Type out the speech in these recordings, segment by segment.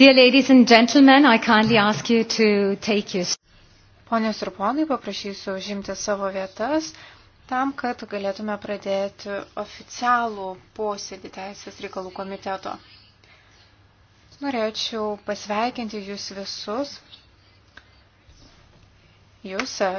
Dear ladies and gentlemen, I kindly ask you to take your... Ponios ir ponai, paprašysiu užimti savo vietas tam, kad galėtume pradėti oficialų posėdį Teisės reikalų komiteto. Norėčiau pasveikinti jūs visus, jūs e,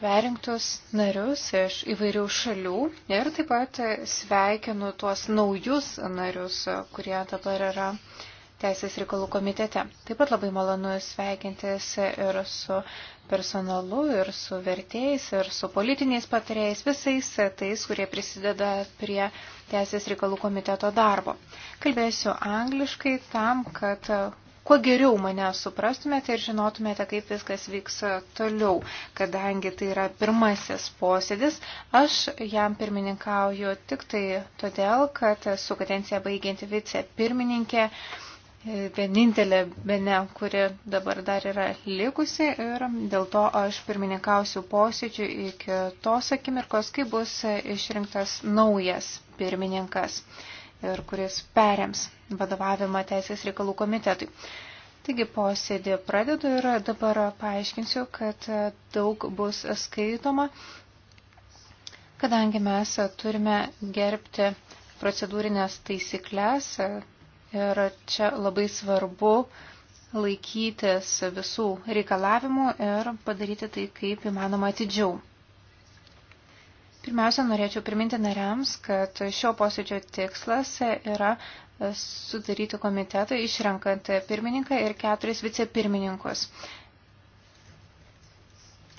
perinktus narius iš įvairių šalių ir taip pat sveikinu tuos naujus narius, e, kurie dabar yra uh, Teisės reikalų komitete. Taip pat labai malonu sveikintis ir su personalu, ir su vertėjais, ir su politiniais patarėjais, visais tais, kurie prisideda prie Teisės reikalų komiteto darbo. Kalbėsiu angliškai tam, kad kuo geriau mane suprastumėte ir žinotumėte, kaip viskas vyks toliau, kadangi tai yra pirmasis posėdis, aš jam pirmininkauju tik tai todėl, kad su kadencija baigianti vice pirmininkė E, vienintelė bene, kuri dabar dar yra likusi ir dėl to aš pirmininkausiu posėdžiu iki tos akimirkos, kai bus išrinktas naujas pirmininkas ir kuris perėms vadovavimą Teisės reikalų komitetui. Taigi posėdį pradedu ir dabar paaiškinsiu, kad daug bus skaitoma, kadangi mes turime gerbti procedūrinės taisyklės, Ir čia labai svarbu laikytis visų reikalavimų ir padaryti tai kaip įmanoma atidžiau. Pirmiausia, norėčiau priminti nariams, kad šio posėdžio tikslas yra sudaryti komitetą, išrenkant pirmininką ir keturis vicepirmininkus.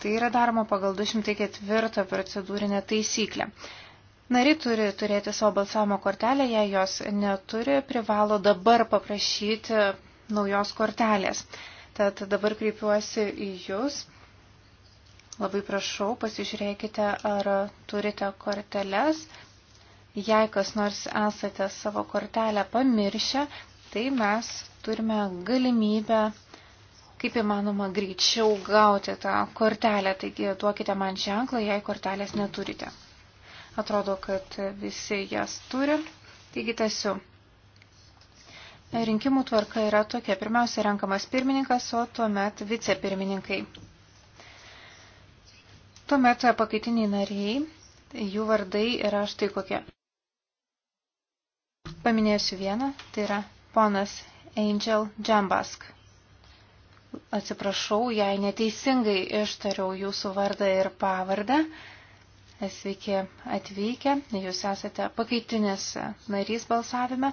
Tai yra daroma pagal 204 procedūrinę taisyklę. Nariai turi turėti savo balsavimo kortelę, jei jos neturi, privalo dabar paprašyti naujos kortelės. Tad dabar kreipiuosi į Jūs. Labai prašau, pasižiūrėkite, ar turite korteles. Jei kas nors esate savo kortelę pamiršę, tai mes turime galimybę kaip įmanoma greičiau gauti tą kortelę. Taigi duokite man ženklą, jei kortelės neturite. Atrodo, kad visi jas turi. Taigi tęsiu. Rinkimų tvarka yra tokia. Pirmiausia renkamas pirmininkas, o tuomet vicepirmininkai. Tuomet pakaitiniai nariai, jų vardai yra štai kokie. Paminėsiu vieną, tai yra ponas Angel Jambask. Atsiprašau, jei neteisingai ištariau jūsų vardą ir pavardę. Sveiki atvykę, jūs esate pakaitinės narys balsavime.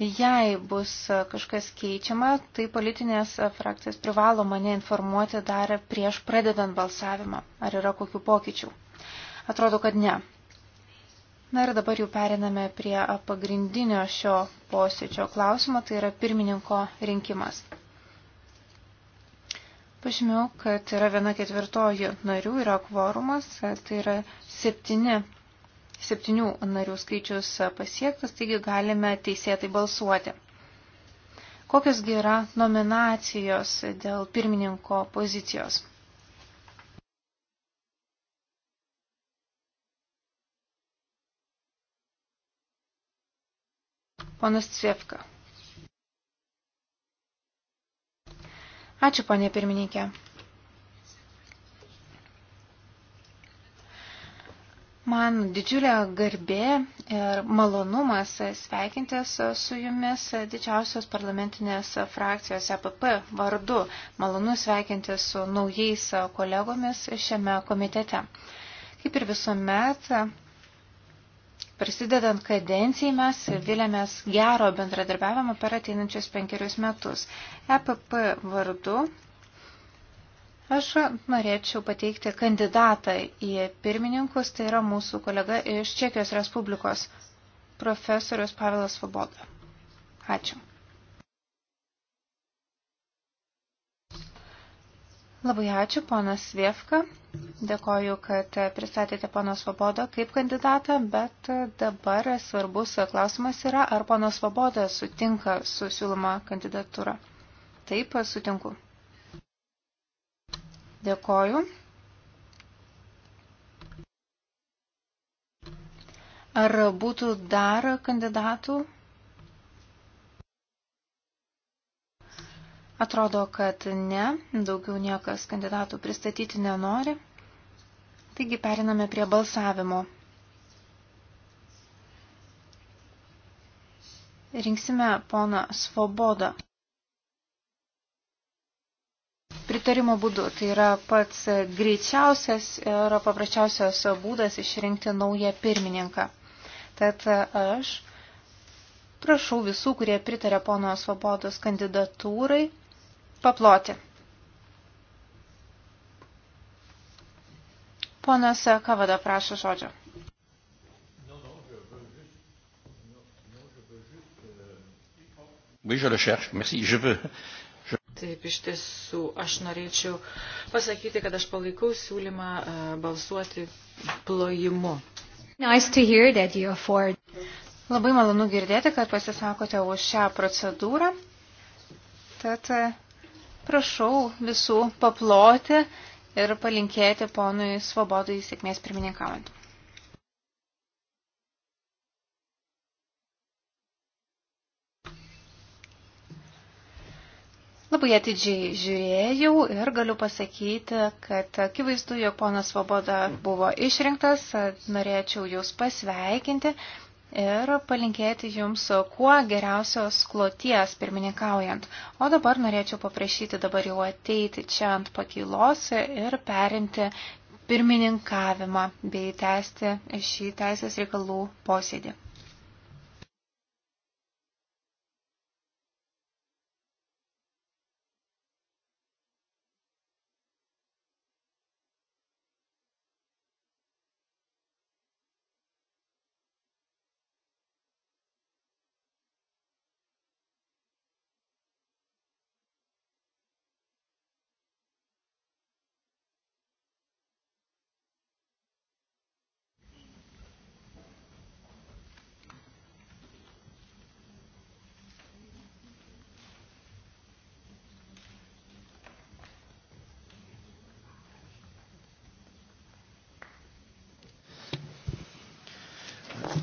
Jei bus kažkas keičiama, tai politinės frakcijos privalo mane informuoti dar prieš pradedant balsavimą, ar yra kokių pokyčių. Atrodo, kad ne. Na ir dabar jau periname prie pagrindinio šio posėdžio klausimo, tai yra pirmininko rinkimas. Pažymėjau, kad yra viena ketvirtoji narių, yra kvorumas, tai yra septyni, septynių narių skaičius pasiektas, taigi galime teisėtai balsuoti. Kokiosgi yra nominacijos dėl pirmininko pozicijos? Ponas Cvėpka. Ačiū, ponė pirmininkė. Man didžiulė garbė ir malonumas sveikintis su jumis didžiausios parlamentinės frakcijos EPP vardu. Malonu sveikintis su naujais kolegomis šiame komitete. Kaip ir visuomet, Prisidedant kadencijai mes vilėmės gero bendradarbiavimo per ateinančius penkerius metus. EPP vardu aš norėčiau pateikti kandidatą į pirmininkus, tai yra mūsų kolega iš Čekijos Respublikos, profesorius Pavelas Svoboda. Ačiū. Labai ačiū, ponas Sviefka. Dėkoju, kad pristatėte pono Svobodo kaip kandidatą, bet dabar svarbus klausimas yra, ar pono Svoboda sutinka su siūloma kandidatūra. Taip, sutinku. Dėkoju. Ar būtų dar kandidatų Atrodo, kad ne, daugiau niekas kandidatų pristatyti nenori. Taigi periname prie balsavimo. Rinksime poną Svobodą. Pritarimo būdu tai yra pats greičiausias ir paprasčiausias būdas išrinkti naują pirmininką. Tad aš prašau visų, kurie pritarė pono Svobodos kandidatūrai, paploti. Ponas Kavada prašo žodžio. Oui, je le cherche. Merci. Je veux. Je... Taip, iš tiesų, aš norėčiau pasakyti, kad aš palaikau siūlymą uh, balsuoti plojimu. Nice to hear that you afford. Labai malonu girdėti, kad pasisakote už šią procedūrą. Tad uh, Prašau visų paploti ir palinkėti ponui Svobodai sėkmės pirmininkaujant. Labai atidžiai žiūrėjau ir galiu pasakyti, kad akivaizdu, jog ponas Svoboda buvo išrinktas, norėčiau jūs pasveikinti ir palinkėti jums kuo geriausios kloties pirmininkaujant. O dabar norėčiau paprašyti dabar jau ateiti čia ant pakylos ir perinti pirmininkavimą bei tęsti šį teisės reikalų posėdį.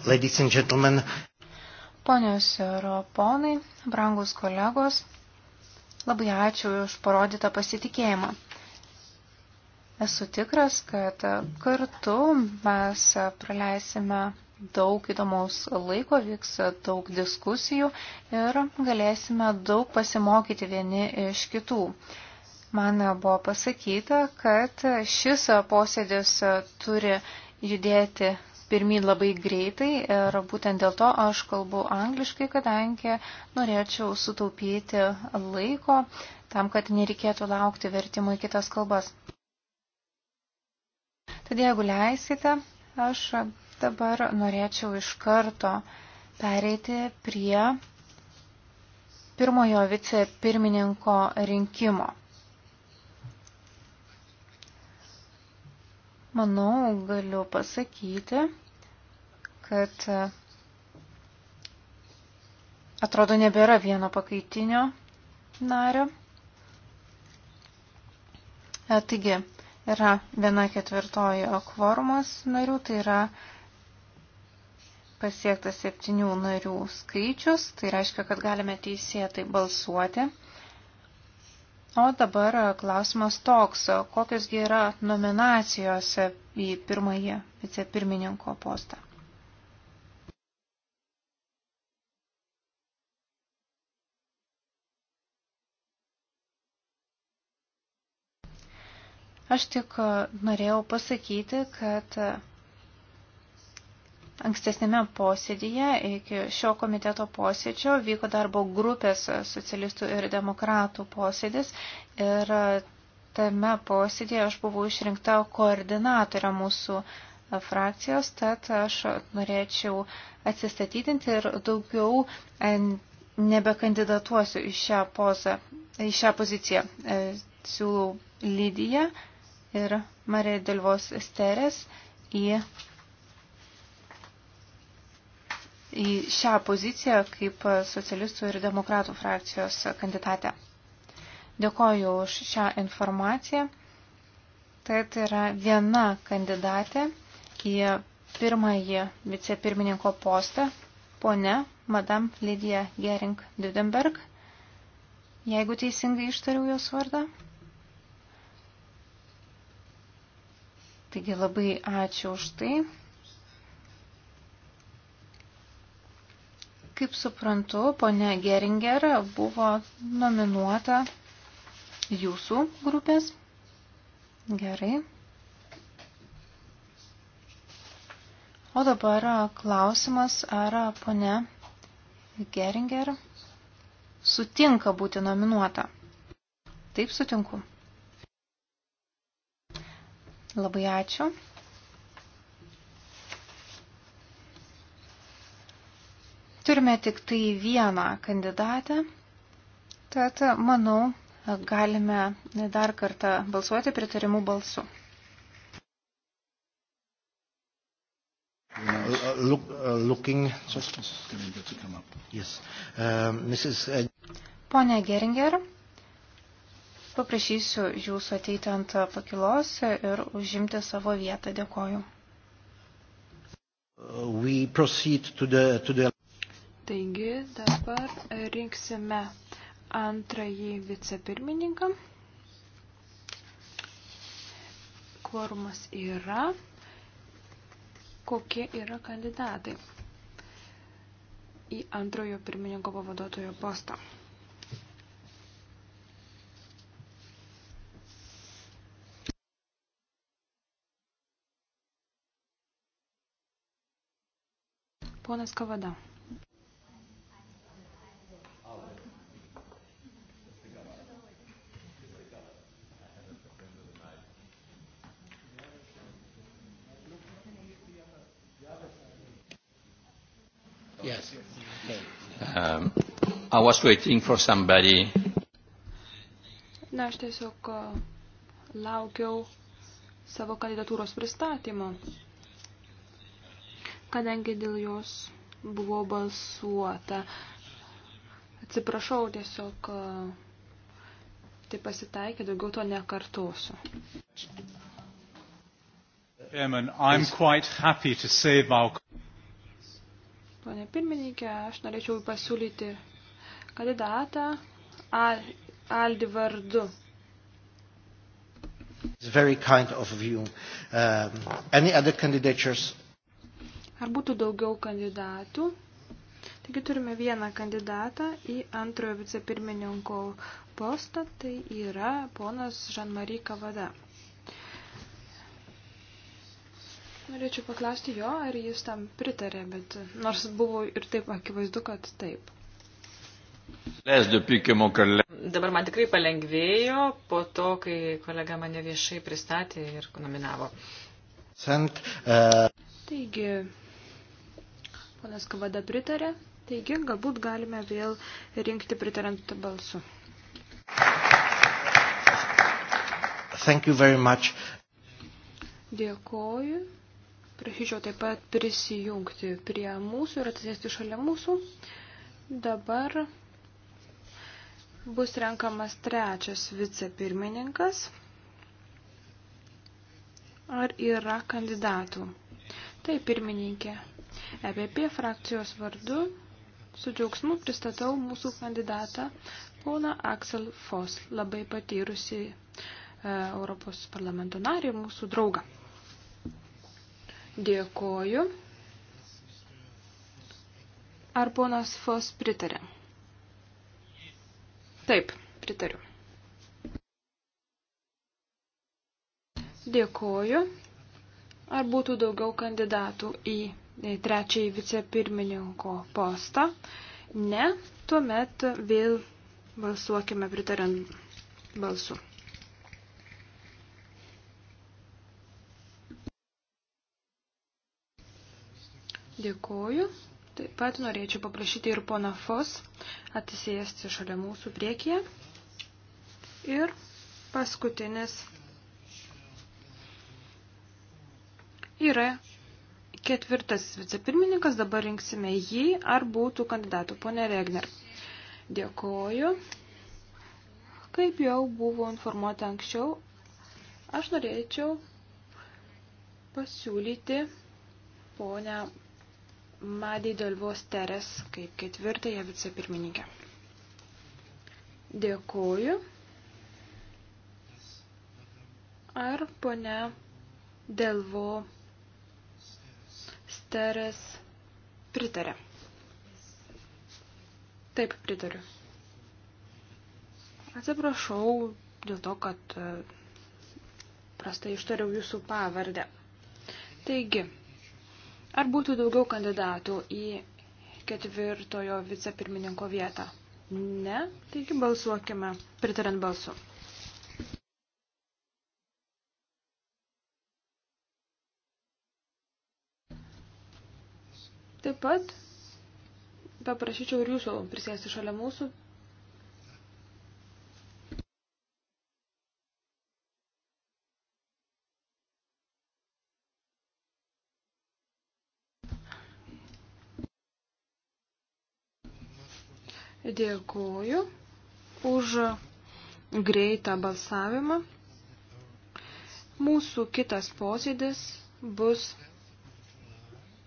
ladies and gentlemen. Ponios ir ponai, brangus kolegos, labai ačiū už parodytą pasitikėjimą. Esu tikras, kad kartu mes praleisime daug įdomaus laiko, vyks daug diskusijų ir galėsime daug pasimokyti vieni iš kitų. Man buvo pasakyta, kad šis posėdis turi judėti pirmin labai greitai ir būtent dėl to aš kalbu angliškai, kadangi norėčiau sutaupyti laiko tam, kad nereikėtų laukti vertimo į kitas kalbas. Tad jeigu leisite, aš dabar norėčiau iš karto pereiti prie pirmojo vicepirmininko rinkimo. Manau, galiu pasakyti, kad e, atrodo nebėra vieno pakaitinio nario. E, taigi, yra viena ketvirtoji kvormas narių, tai yra pasiektas septynių narių skaičius, tai reiškia, kad galime teisėtai balsuoti. O dabar e, klausimas toks, e, kokiosgi yra nominacijos į pirmąjį vicepirmininko postą. Aš tik e, norėjau pasakyti, kad Ankstesnėme posėdėje iki šio komiteto posėdžio vyko darbo grupės socialistų ir demokratų posėdis ir tame posėdėje aš buvau išrinkta koordinatorė mūsų frakcijos, tad aš norėčiau atsistatydinti ir daugiau e, nebekandidatuosiu į šią, pozą, į šią poziciją. E, siūlau Lydiją ir Marija Delvos Steres į į šią poziciją kaip socialistų ir demokratų frakcijos kandidatė. Dėkoju už šią informaciją. Tai yra viena kandidatė į pirmąjį vicepirmininko postą, ponia Madame Lidija Gering Dudenberg, jeigu teisingai ištariau jos vardą. Taigi labai ačiū už tai. Kaip suprantu, ponia Geringer buvo nominuota jūsų grupės. Gerai. O dabar klausimas, ar ponia Geringer sutinka būti nominuota. Taip sutinku. Labai ačiū. Turime tik tai vieną kandidatę, tad manau, galime dar kartą balsuoti pritarimų balsu. Uh, look, uh, looking... yes. uh, Mrs. Pone Geringer, paprašysiu jūsų ateiti ant pakilos ir užimti savo vietą. Dėkoju. Uh, we proceed to the, to the... Taigi dabar rinksime antrąjį vicepirmininką. Kvorumas yra. Kokie yra kandidatai į antrojo pirmininko pavaduotojo postą? Ponas Kavada. Yes. Um, I was waiting for somebody. Na, aš tiesiog uh, laukiau savo kandidatūros pristatymo, kadangi dėl jos buvo balsuota. Atsiprašau, tiesiog uh, tai pasitaikė, daugiau to nekartosiu. Chairman, I'm quite happy to save our Pone pirmininkė, aš norėčiau pasiūlyti kandidatą Al Aldi vardu. It's very kind of you. Um, any other candidatures? Ar būtų daugiau kandidatų? Taigi turime vieną kandidatą į antrojo vicepirmininko postą, tai yra ponas Žanmarį Kavada. Norėčiau paklausti jo, ar jis tam pritarė, bet nors buvo ir taip akivaizdu, kad taip. Dabar man tikrai palengvėjo po to, kai kolega mane viešai pristatė ir nominavo. Sent, uh... E, taigi, ponas Kavada pritarė, taigi galbūt galime vėl rinkti pritarant balsu. Thank you very much. Dėkoju. Prašyčiau taip pat prisijungti prie mūsų ir atsisėsti šalia mūsų. Dabar bus renkamas trečias vicepirmininkas. Ar yra kandidatų? Tai pirmininkė. EPP frakcijos vardu su džiaugsmu pristatau mūsų kandidatą Pauną Aksel Fos, labai patyrusi e, Europos parlamento narį ir mūsų draugą. Dėkoju. Ar ponas Fos pritarė? Taip, pritariu. Dėkoju. Ar būtų daugiau kandidatų į trečiąjį vicepirmininko postą? Ne, tuomet vėl balsuokime pritariant balsu. Dėkoju. Taip pat norėčiau paprašyti ir pona Fos atsisėsti šalia mūsų priekyje. Ir paskutinis yra ketvirtas vicepirmininkas, dabar rinksime jį, ar būtų kandidatų, ponė Regner. Dėkoju. Kaip jau buvo informuota anksčiau, aš norėčiau pasiūlyti ponę Madai Dalvos Teres kaip ketvirtąją vicepirmininkę. Dėkuoju. Ar ponia Delvo Steres pritarė? Taip, pritariu. Atsiprašau dėl to, kad e, prastai ištariau jūsų pavardę. Taigi, Ar būtų daugiau kandidatų į ketvirtojo vicepirmininko vietą? Ne, taigi balsuokime, pritarant balsu. Taip pat paprašyčiau ir jūsų prisėsti šalia mūsų Dėkuoju už greitą balsavimą. Mūsų kitas posėdis bus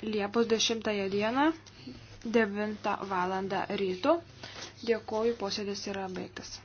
Liepos 10 dieną 9 val. ryto. Dėkuoju, posėdis yra baigtas.